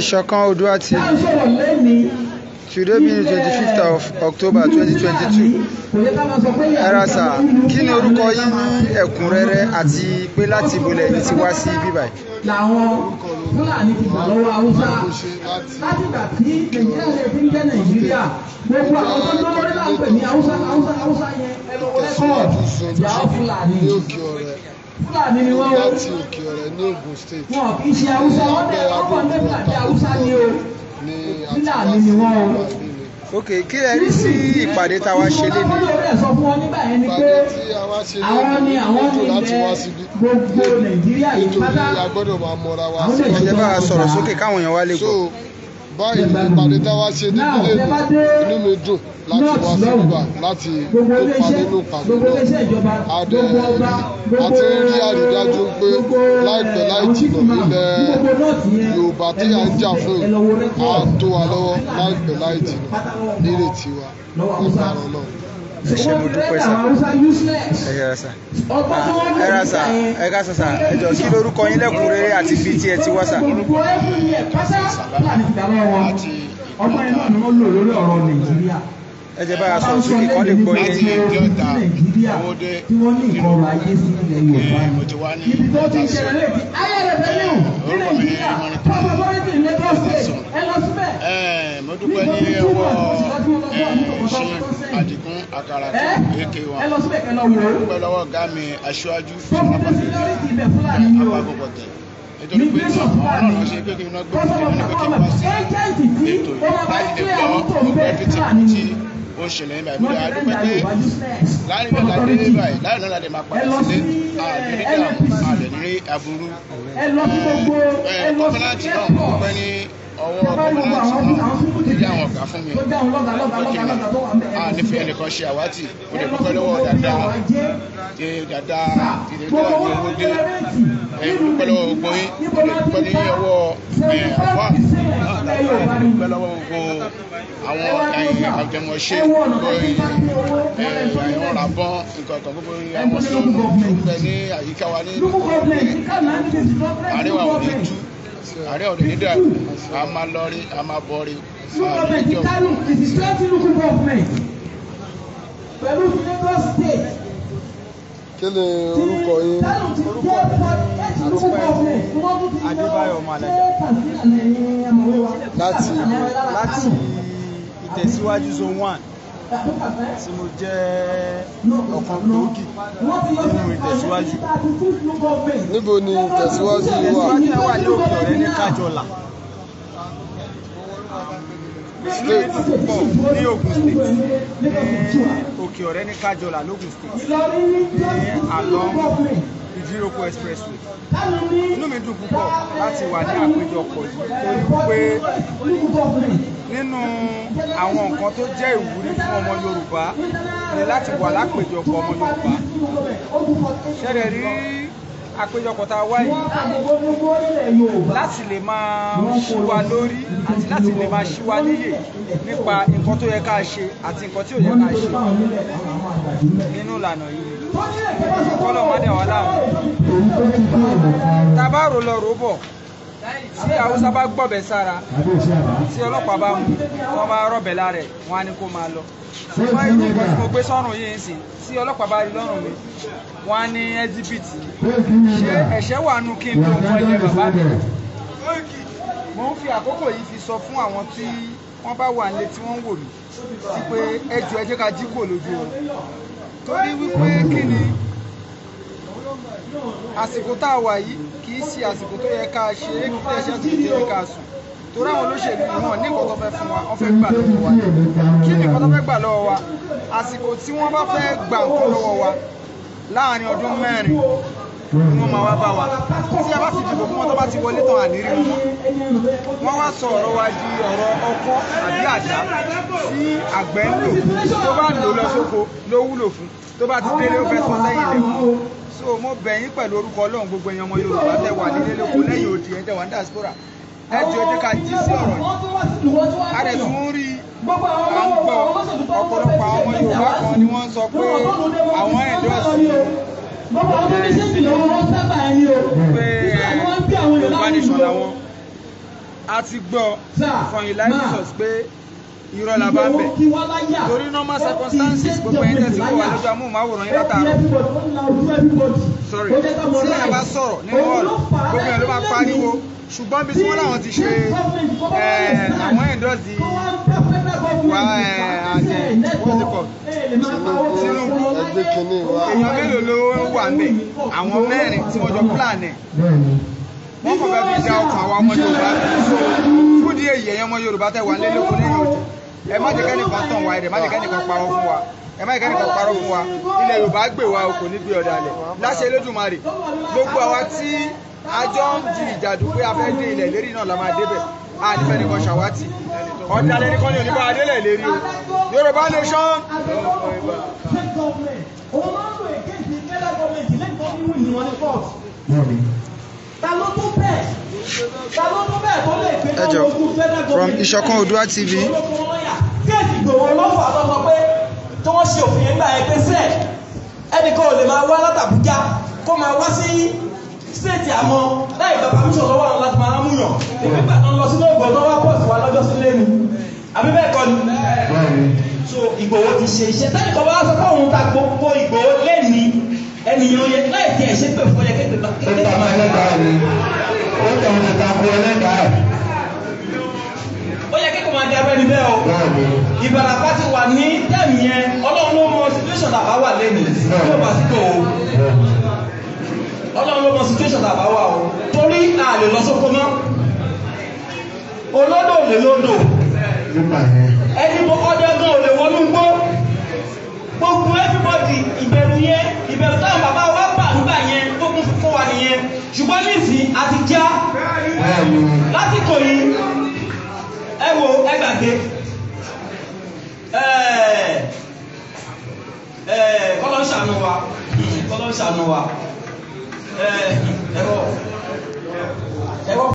ìṣọ̀kan Oòduà ti today being twenty fifth of October twenty twenty two ẹ ra sà kí ni orúkọ yín ní ẹ̀kúnrẹ́rẹ́ àti pé láti ìbúlẹ̀ yìí ti wá sí bíbáyìí làwọn fúlàní ti gbà lọ́wọ́ haúsá láti gbà tí nàìjíríà ṣe fi ń jẹ́ nàìjíríà gbogbo àwọn tó lọ́wọ́ nílànà pè ní haúsá haúsá haúsá yẹn ẹ̀rọ rẹ́kọ̀dì yàrá fúlàní fúlàní ni wọ́n wọ́n. láti òkè ọ̀rẹ́ ní Ògùn state. wọn kì í ṣe haúsá wọn dẹ ọkọ ní fúlàní haúsá ni o fúlàní ni wọ́n o. ok kí ẹ rí sí ìpàdé tá a wá ṣe lébi. ìpàdé tí a wá ṣe lébi ètò láti wá síbí nítorí a gbọ́dọ̀ máa mọra wa. àwọn èèyàn bá a sọ̀rọ̀ sókè káwọn èèyàn wá lè gbọ́ báyìí ìpàdé tá a wá ṣe ní ilé ìlú inú mi dùn láti wá sí ìgbà láti kópa nínú ìpàdé náà adẹ àti rí àrídájú pé láìpẹ́ eh, láì jìnnà ilẹ̀ Yorùbá tí a ń jà fún yìí á tó wa lọ́wọ́ láìpẹ́ láì jìnnà nírètí wa nípa ọ̀rọ̀ náà ẹ ṣé mo dúpẹ́ sá ẹ yẹra sá ẹ ra sá ẹ ká sá sá ẹ jọ kí lórúkọ yín lẹ́kùnrẹ́rẹ́ àti bíi tí ẹ ti wá sá. ọgbọ́n iná ni wọ́n lò lórí ọ̀rọ̀ nàìjíríà ẹ jẹ́ báyà sọ sókè kọ́ lè gbọ́ yẹn. nàìjíríà tí wọ́n ní nǹkan ọrọ̀ ayé sí ilẹ̀ yorùbá ibi tó ti ṣẹlẹ̀ lẹ́ẹ̀kì ayé rẹ̀ bẹ́ẹ̀ ní nàìjíríà pàpàpọ̀ rẹ̀ ti lẹ́tọ̀ ṣe ẹ lọ síbẹ̀. ẹ mo dúpẹ́ ní ẹwọ́ àdìgún àkàrà èké wọn pẹ̀lọ́wọ́ ọ̀gá mi aṣáájú nítorí pé ọ̀rọ̀ ṣe pé kí n náà gbé kí n náà kí n wá sí ètò yìí lè gbọ́ gbogbo ẹbí tí ó ń ṣẹlẹ̀ nígbà ìbílẹ̀ àdúgbò pé láàrin náà láti dé báyìí láàrin náà láti máa padà sílé àdúgbò eh, àdẹ̀nírí aburú kọ́mẹ́láǹtì eh, náà ọpẹ́ ní ọwọ́ kọ́mẹ́láǹtì náà ọ̀gá fún mi ọ̀gá mi a nífẹ̀ẹ́ ẹnìkan ṣe àwátì mo lè dúpẹ́ lọ́wọ́ dáadáa ṣe dáadáa ìdè tó owó dé ẹ dúpẹ́ lọ́wọ́ gbogbo yín mo lè dúpẹ́ ní ọwọ́ ẹ àfà dúpẹ́ lọ́wọ́ gbogbo àwọn àjẹmọ̀ṣe gbogbo ẹ àwọn ràbọ̀n nǹkan kan gbogbo àwọn sọ̀rọ̀ gbogbo ní àyíká wa ní àríwá àríwá òde nídà a máa lọ rí a máa bọ̀ new government in Kano is a plenty local government pẹ̀lú Lagos state kí ni orúkọ yín orúkọ àtúpẹ́ adébáyọ̀ malaja láti láti ìtẹ̀síwájú zone one tí mo jẹ́ ọ̀kan gbòógì nínú ìtẹ̀síwájú. níbo ni ìtẹ̀síwájú wà. ìtẹ̀síwájú wà ní òkè ọ̀rẹ́ ní kájọlà inú mi dùn púpọ̀ ní Ògùn state eh, òkè ọ̀rẹ́ ní kájọlà lógùn state ní eh, along expressway inú mi dùn púpọ̀ láti wà ní àpéjọpọ̀ yìí tó pé nínú àwọn nǹkan tó jẹ́ ìwúrí fún ọmọ Yorùbá ni láti wà lápéjọpọ̀ ọmọ Yorùbá ṣẹlẹ̀ rí àpéjọpọ̀ tá a wá yìí láti lè máa ṣí wa lórí àti láti lè máa ṣí wa níyè nípa nǹkan tó yẹ ká ṣe àti nǹkan tí ò yẹ ká ṣe nínú ìlànà yìí kọ́lọ̀ má dẹ̀ wá tá a bá rò lọ rò bọ̀ tí haúsá bá gbọ̀bẹ̀ sára tí ọlọ́pàá bá mú wọn bá rọ̀bẹ̀ lára ẹ̀ wọn á ní kó máa lọ wọn yìí nígbà tí mo gbé sọ́rùn yìí ń sìn tí ọlọ́pàá bá rí lọ́rùn mi wọn á ní ẹ́síbìtì ṣé ẹ̀ṣẹ̀ wà nù kí n tó nǹkan ilé bàbá mi mo ń fi àkókò yìí fi sọ fún àwọn tí wọ́n bá wà nílé tí wọ́n ń wò mí sí pé ẹ jù ẹ ká jí kò lójú o torí wípé kí ni àsìkò tá a wà yìí kì í ṣe àsìkò tó yẹ ká ṣe é kí ẹṣẹ tó ti ní ká sùn torí àwọn olóṣèlú wọn ní nǹkan tó fẹ́ fún wa wọ́n fẹ́ gbà lọ́wọ́ wa kí ni nǹkan tó fẹ́ gbà lọ́wọ́ wa àsìkò tí wọ́n bá fẹ́ gbà nǹkan lọ́wọ́ wa láàárín ọdún mẹ́rin ni wọ́n máa wá bá wa tí a bá fi dìbò fún wọn tó bá ti wọlé tán àníírí wọn wọ́n wá sọ ọ̀rọ̀ wa di ọ̀rọ̀ ọkọ́ àbí àdá tí àgbẹ̀ ń lò tó bá lò lọ sóko ló wúlò fún tó bá ti délé ó fẹ́ sọ sẹ́yìn lẹ́kọ̀ọ́ so mo bẹ̀ yín pẹ̀lú orúkọ ọlọ́run gbogbo èèyàn ọmọ yorùbá tẹ wà nílé lóko lẹ́yìn òdì ẹ̀ wà ní diaspora ẹ jẹ́ ká jí sí ọ̀rọ̀ yìí a rẹ̀ tún rí à ọ̀pọ̀lọpọ̀ àwọn ọmọ yorùbá kan ni wọ́n sọ pé àwọn ẹ̀dọ́sì gbogbo àwọn oníṣègùn lọ́wọ́ wọn sábà ẹni o pé yorùbá nìṣọ̀lá gbọ́ from Live with pé irọ́ la bá bẹ̀ torí normal circumstances gbogbo ẹni tẹ́sí wà lójú amóhùnmáwòrán yín látàárọ̀ sorry tí ẹ bá sọ̀rọ̀ nínú ọ̀rọ̀ gbogbo ẹ̀ ló máa pariwo ṣùgbọ́n bí wọ́n láwọn ti ṣe àwọn ẹ̀ńdọ́sì eh, wa àjẹ eh, wọ́n eh, ti kọ̀ èèyàn mélòó ló wà ń bẹ̀ àwọn mẹ́rin tí wọ́n jọ plan wọ́n kọ̀ bẹ́ẹ̀ fi dá ọkàn àwọn ọmọ Yorùbá fún díẹ̀ yẹ̀yẹ́ ọmọ Yorùbá tẹ̀ wà lé lóko nínú ẹ má jẹ́ kẹ́nìkan tàn wá ẹ̀rẹ̀ má jẹ́ kẹ́nìkan parọ́ fún wa ẹ má jẹ́ kẹ́nìkan parọ́ fún wa ilẹ̀ Yorùbá gbè wá o kò ní gbé ọ̀dàlẹ̀ láṣẹ Elédùmarè gbogbo àwa tí a ń di ìjàdù pé dé ilẹ̀ lérí náà la máa débẹ̀ a ní kan ṣàwátì ọ̀dàlẹ̀ nìkan ni oníbà adélẹ̀ lérí o Yorùbá nation. from Ìṣọ̀kan Oòduà TV kéèsì gbòòrò lọ́fà tó sọ pé tí wọ́n ṣe òfin nígbà yẹn pé sẹ́ ẹnìkan ò lè máa wá látàbújá kó máa wá sí stéètì àmọ́ láì bàbá mi sọ̀rọ̀ wọn láti máa mú yàn èmi bá tán lọ sínú ògbọ́n tó wá pọ̀ sí wa lọ́jọ́ sílé mi àbí bẹ́ẹ̀ kọ́ ni so Ìgbòho ti ṣe iṣẹ́ tẹ́lẹ̀ kọ́ bá sọ pé òun ta gbogbo Ìgbòho lẹ́ni ẹnìyàn yẹ láì tiẹ̀ ṣe pé yẹ kékeré kẹfẹ́ ní bẹ́ẹ̀ ìbàràpá ti wà ní tẹ́mì ọlọ́run ló situation tàbá wà lẹ́nu tí ó bá sí kò o ọlọ́run ló situation tàbá wà o torí a lè mọ́ olódò lè lódò ẹni mo ọdẹ gan ò lè wọnú gbó gbogbo everybody ìbẹ̀rù yẹn ìbẹ̀rù táwọn bàbá wa bà nígbà yẹn tó kún fún wa nìyẹn ṣùgbọ́n nísìnyí àti já lásìkò yìí gbàgbé kọ́lọ́ ṣàánú wa kọ́lọ́ ṣàánú wa ẹ̀rọ ẹ̀rọ.